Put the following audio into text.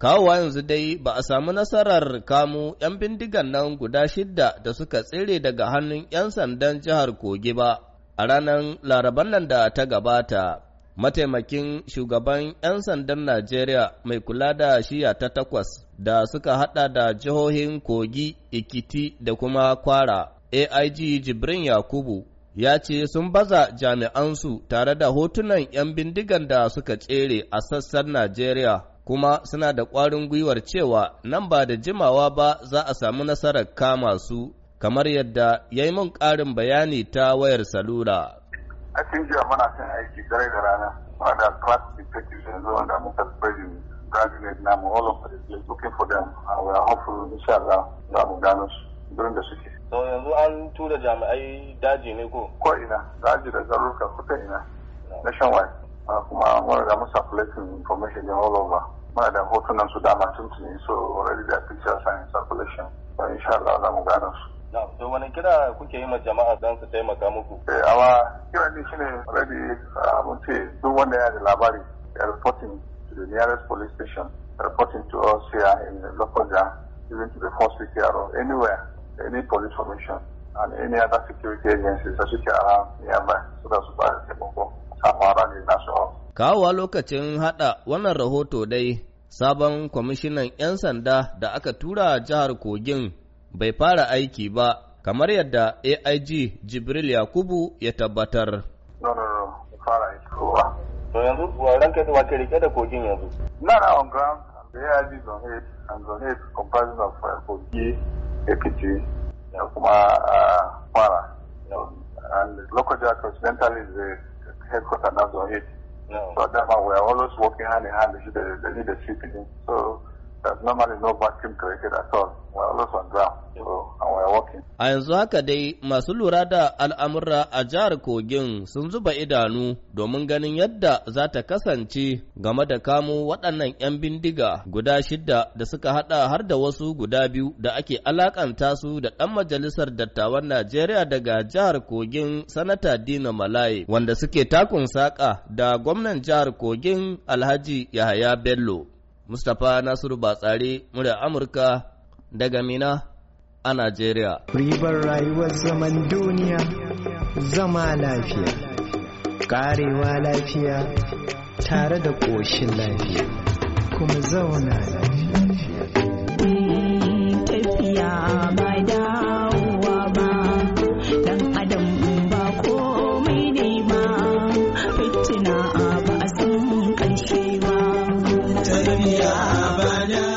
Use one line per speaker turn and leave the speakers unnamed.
Kawowa yanzu dai ba a samu nasarar kamu ‘yan bindigan nan guda shidda da suka tsere daga hannun ‘yan sandan jihar Kogi ba a ranar laraban nan da ta gabata. Mataimakin shugaban ‘yan sandan Najeriya mai kula da shiya ta takwas da suka haɗa da jihohin Kogi, Ikiti da kuma Kwara, AIG Jibrin Yakubu, ya ce sun baza jami'ansu tare da hotunan ‘yan bindigan da suka tsere a sassan Najeriya. kuma suna da ƙwarin gwiwar cewa nan ba da jimawa ba za a samu nasarar kama su kamar yadda ya yi min ƙarin bayani ta wayar salula. A cikin
jiya muna kan aiki dare da rana, muna da class detectives yanzu wanda muka bari graduate namu all of the place looking for them and we are hopeful insha Allah za mu gano su durin da suke. To yanzu an tura jami'ai daji ne ko? Ko ina, daji da zaruka kuka ina, nationwide. kuma mun riga mun circulating information din all over muna da hotunan su dama tun tuni so already da pictures and circulation so insha Allah za mu gano su to wani kira kuke yi ma jama'a don su taimaka muku eh awa kira ne shine already uh, mun ce duk wanda ya da labari ya reporting to the nearest police station reporting to us here in Lokoja even to the force CTRO anywhere any police formation and any other security agencies that you can around nearby so that's why I said,
Kawawa lokacin haɗa wannan rahoto dai, sabon kwamishinan 'yan sanda da aka tura jihar Kogin bai fara aiki ba, kamar yadda AIG Jibril Yakubu ya tabbatar.
To yanzu ranka kai ke rike da kogin yanzu. na on ground, the AIG is on head, and on head comparison of Kogi, APG, ya kuma Kwara. And local jack incidentally is the headquarters na on head. No. So that's why we're always working hand in hand with the, the leadership. So there's uh, normally no vacuum created at all. We're always on ground. So
A yanzu haka dai masu lura da al'amura a jihar Kogin sun zuba idanu domin ganin yadda za ta kasance game da kamo waɗannan 'yan bindiga guda shidda da suka haɗa har da wasu guda biyu da ake alaƙanta su da ɗan majalisar dattawan Najeriya daga jihar Kogin Sanata Dina Malaye wanda suke takun saƙa da gwamnan jihar Kogin Alhaji Yahaya Bello. Mustapha Nasiru Batsari, murya Amurka daga Mina. a Najeriya. Ribar rayuwar zaman duniya zama lafiya, karewa lafiya tare da ƙoshin lafiya, kuma zauna lafiya. Tafiya ba dawowa ba, ɗan adam ba komai ne ba, fitina ba a san ƙarshe ba. Tafiya ba dawowa